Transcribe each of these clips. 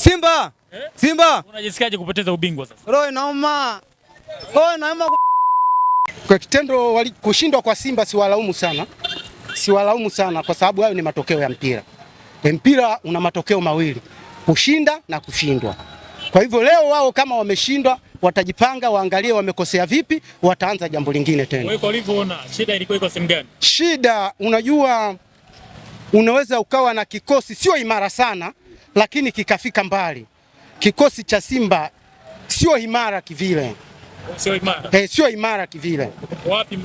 Simba. Eh? Simba. Unajisikiaje kupoteza ubingwa sasa? Roho inauma. Roho inauma. Kwa kitendo kushindwa kwa Simba siwalaumu sana, siwalaumu sana kwa sababu hayo ni matokeo ya mpira. Mpira una matokeo mawili, kushinda na kushindwa. Kwa hivyo leo wao kama wameshindwa, watajipanga waangalie wamekosea vipi, wataanza jambo lingine tena. Wewe ulivyoona shida ilikuwa iko sehemu gani? Shida, unajua unaweza ukawa na kikosi sio imara sana lakini kikafika mbali. Kikosi cha Simba sio imara kivile, sio imara, eh, sio imara kivile. Wapi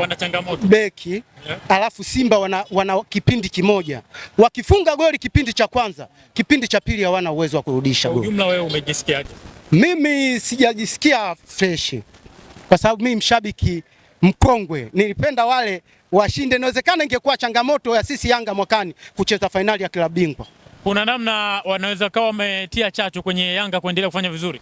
wana changamoto beki yeah. Alafu Simba wana, wana kipindi kimoja wakifunga goli kipindi cha kwanza, kipindi cha pili hawana uwezo wa kurudisha goli. Jumla wewe umejisikiaje? Mimi sijajisikia fresh kwa sababu mimi mshabiki mkongwe, nilipenda wale washinde. Inawezekana ingekuwa changamoto ya sisi Yanga mwakani kucheza fainali ya klabu bingwa kuna namna wanaweza kawa wametia chachu kwenye Yanga kuendelea kufanya vizuri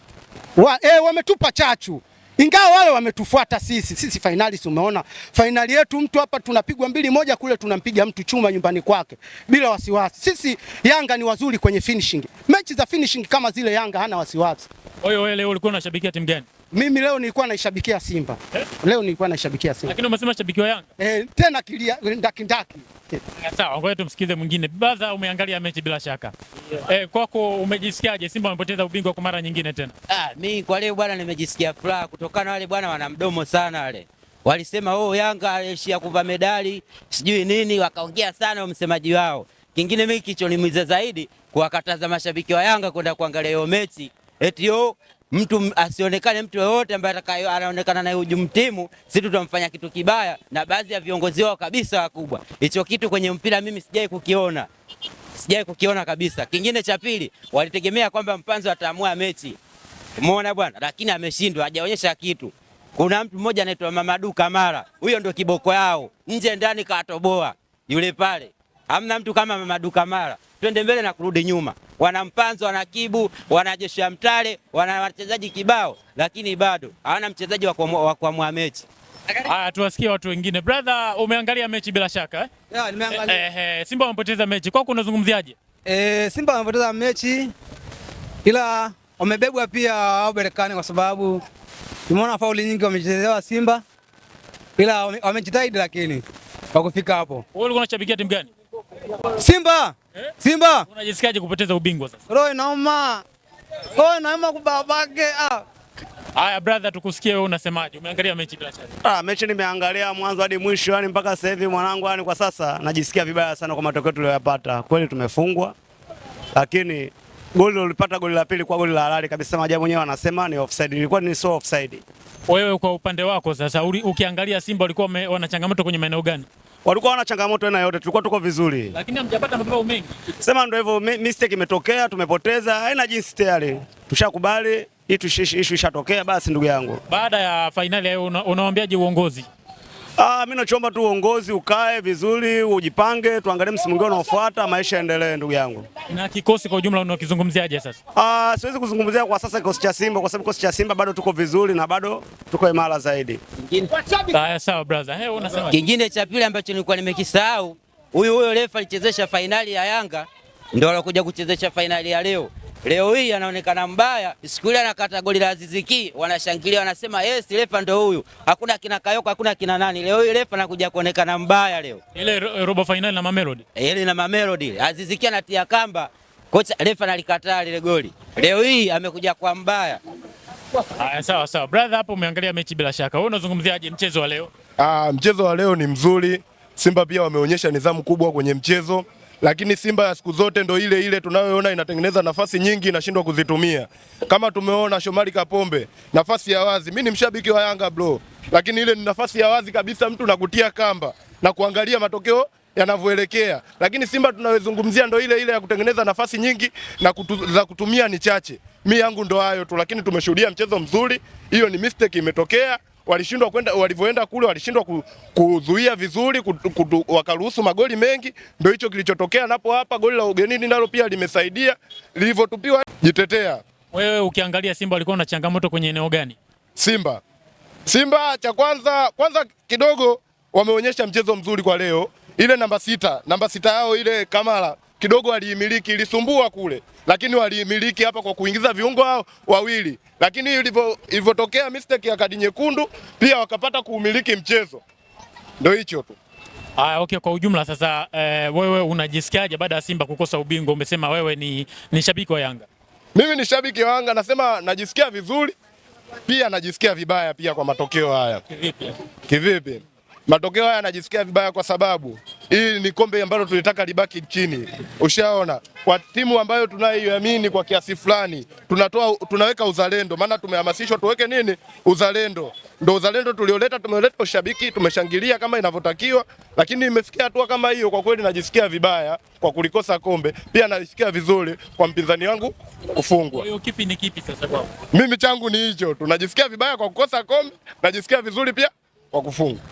wa, e, wametupa chachu ingawa wale wametufuata sisi. Sisi fainali, umeona fainali yetu, mtu hapa tunapigwa mbili moja, kule tunampiga mtu chuma nyumbani kwake bila wasiwasi. Sisi Yanga ni wazuri kwenye finishing, mechi za finishing kama zile Yanga hana wasiwasi. Oyo wewe ulikuwa unashabikia timu gani? Mimi leo nilikuwa naishabikia Simba. eh? Leo nilikuwa naishabikia Simba. Lakini umesema shabiki wa Yanga? Eh, tena kilia ndaki ndaki. Eh, sawa, ngoja tumsikize mwingine. Baza, umeangalia mechi bila shaka. Yeah. Eh, kwako umejisikiaje Simba wamepoteza ubingwa kwa mara nyingine tena? Ah, mimi kwa leo bwana nimejisikia furaha kutokana wale bwana wana mdomo sana wale. Walisema oh, Yanga alishia kuva medali, sijui nini, wakaongea sana wa msemaji wao. Kingine mimi kichoniumiza zaidi kuwakataza mashabiki wa Yanga kwenda kuangalia hiyo mechi. Eti yo oh, mtu asionekane mtu yoyote ambaye atakayo anaonekana na hujumu timu, si tutamfanya kitu kibaya, na baadhi ya viongozi wao kabisa wakubwa. Hicho kitu kwenye mpira mimi sijai kukiona, sijai kukiona kabisa. Kingine cha pili, walitegemea kwamba Mpanzo ataamua mechi, umeona bwana, lakini ameshindwa, hajaonyesha kitu. Kuna mtu mmoja anaitwa Mamadu Kamara, huyo ndio kiboko yao, nje ndani katoboa yule pale. Hamna mtu kama Mamadu Kamara. Twende mbele na kurudi nyuma wana Mpanzo, wana Kibu, wana Jeshi ya Mtale, wana wachezaji kibao, lakini bado hawana mchezaji wa kuamua mechi. Haya, tuwasikie watu wengine. Brother, umeangalia mechi bila shaka eh? Ya, nimeangalia. Eh, eh, Simba wamepoteza mechi kwako, unazungumziaje? Eh, Simba wamepoteza mechi ila wamebebwa pia wao Berkane, kwa sababu tumeona fauli nyingi wamechezewa Simba, ila wamejitahidi, lakini kwa kufika hapo. Wewe ulikuwa unashabikia timu gani? Simba eh? Simba unajisikiaje kupoteza ubingwa sasa? Roho inauma, roho inauma kubabake. Aya ah. brother, tukusikie wewe unasemaje? Umeangalia mechi bila shaka? Ah, mechi nimeangalia mwanzo hadi mwisho, yani mpaka sasa hivi mwanangu, yani kwa sasa najisikia vibaya sana kwa matokeo tuliyopata. Kweli tumefungwa, lakini goli ulipata goli la pili kwa goli la halali kabisa, majabu wenyewe wanasema ni offside. Ilikuwa ni so offside. Wewe kwa upande wako sasa, ukiangalia Simba walikuwa wana changamoto kwenye maeneo gani? walikuwa wana changamoto na yote, tulikuwa tuko vizuri, lakini hamjapata mabao mengi. Sema ndio hivyo, mistake imetokea, tumepoteza, haina jinsi, tayari tushakubali, ishu ishatokea, basi ndugu yangu. Baada ya fainali, unawaambiaje uongozi? Ah, mimi nachoomba tu uongozi ukae vizuri, ujipange, tuangalie msimu mwingine unaofuata, maisha endelee ndugu yangu. Na kikosi kwa ujumla unakizungumziaje sasa? Ah, siwezi kuzungumzia kwa sasa kikosi cha Simba kwa sababu kikosi cha Simba bado tuko vizuri na bado tuko imara zaidi. Kingine. sawa brother. Hey, unasema. Kingine cha pili ambacho nilikuwa nimekisahau, huyu huyo refa alichezesha fainali ya Yanga ndio alokuja kuchezesha fainali ya leo. Leo hii anaonekana mbaya, siku ile anakata goli la Aziziki, wanashangilia wanasema yes, eh, refa ndio huyu. Hakuna kina Kayoko, hakuna kina nani. Leo hii refa anakuja kuonekana mbaya leo. Ile robo finali na Mamelodi. Eh, ile na Mamelodi ile. Aziziki anatia kamba. Kocha refa analikataa lile goli. Leo hii amekuja kwa mbaya. Haya, sawa sawa. Brother, hapo umeangalia mechi bila shaka. Wewe unazungumziaje mchezo wa leo? Ah, mchezo wa leo ni mzuri. Simba pia wameonyesha nidhamu kubwa kwenye mchezo lakini Simba ya siku zote ndo ile ile tunayoona inatengeneza nafasi nyingi inashindwa kuzitumia. Kama tumeona Shomari Kapombe, nafasi ya wazi. Mimi ni mshabiki wa Yanga bro, lakini ile ni nafasi ya wazi kabisa, mtu nakutia kamba na kuangalia matokeo yanavyoelekea. Lakini Simba tunayozungumzia ndo ile ile ya kutengeneza nafasi nyingi na kutu, za kutumia ni chache. Mi yangu ndo hayo tu, lakini tumeshuhudia mchezo mzuri. Hiyo ni mistake imetokea walishindwa kwenda, walivyoenda kule walishindwa kuzuia vizuri, wakaruhusu magoli mengi. Ndio hicho kilichotokea, napo hapa goli la ugenini nalo pia limesaidia lilivyotupiwa. Jitetea wewe. Ukiangalia Simba walikuwa na changamoto kwenye eneo gani? Simba Simba cha kwanza kwanza kidogo wameonyesha mchezo mzuri kwa leo, ile namba sita namba sita yao ile Kamara kidogo waliimiliki, ilisumbua kule, lakini waliimiliki hapa kwa kuingiza viungo hao wawili, lakini ilivyotokea mistake ya kadi nyekundu pia wakapata kuumiliki mchezo. Ndio hicho tu. Ah, okay, kwa ujumla sasa e, wewe unajisikiaje baada ya Simba kukosa ubingwa? Umesema wewe ni, ni shabiki wa Yanga. Mimi ni shabiki wa Yanga, nasema najisikia vizuri pia najisikia vibaya pia kwa matokeo haya. Kivipi? Kivipi? Matokeo haya najisikia vibaya kwa sababu hii ni kombe ambalo tulitaka libaki chini, ushaona, kwa timu ambayo tunaiamini kwa kiasi fulani, tunatoa tunaweka uzalendo, maana tumehamasishwa tuweke nini, uzalendo. Ndio uzalendo tulioleta, tumeleta ushabiki, tumeshangilia kama inavyotakiwa, lakini imefikia hatua kama hiyo, kwa kweli najisikia vibaya kwa kulikosa kombe, pia najisikia vizuri kwa mpinzani wangu kufungwa. Hiyo kipi ni kipi sasa kwako? Mimi changu ni hicho, tunajisikia vibaya kwa kukosa kombe, najisikia vizuri pia kwa kufungwa.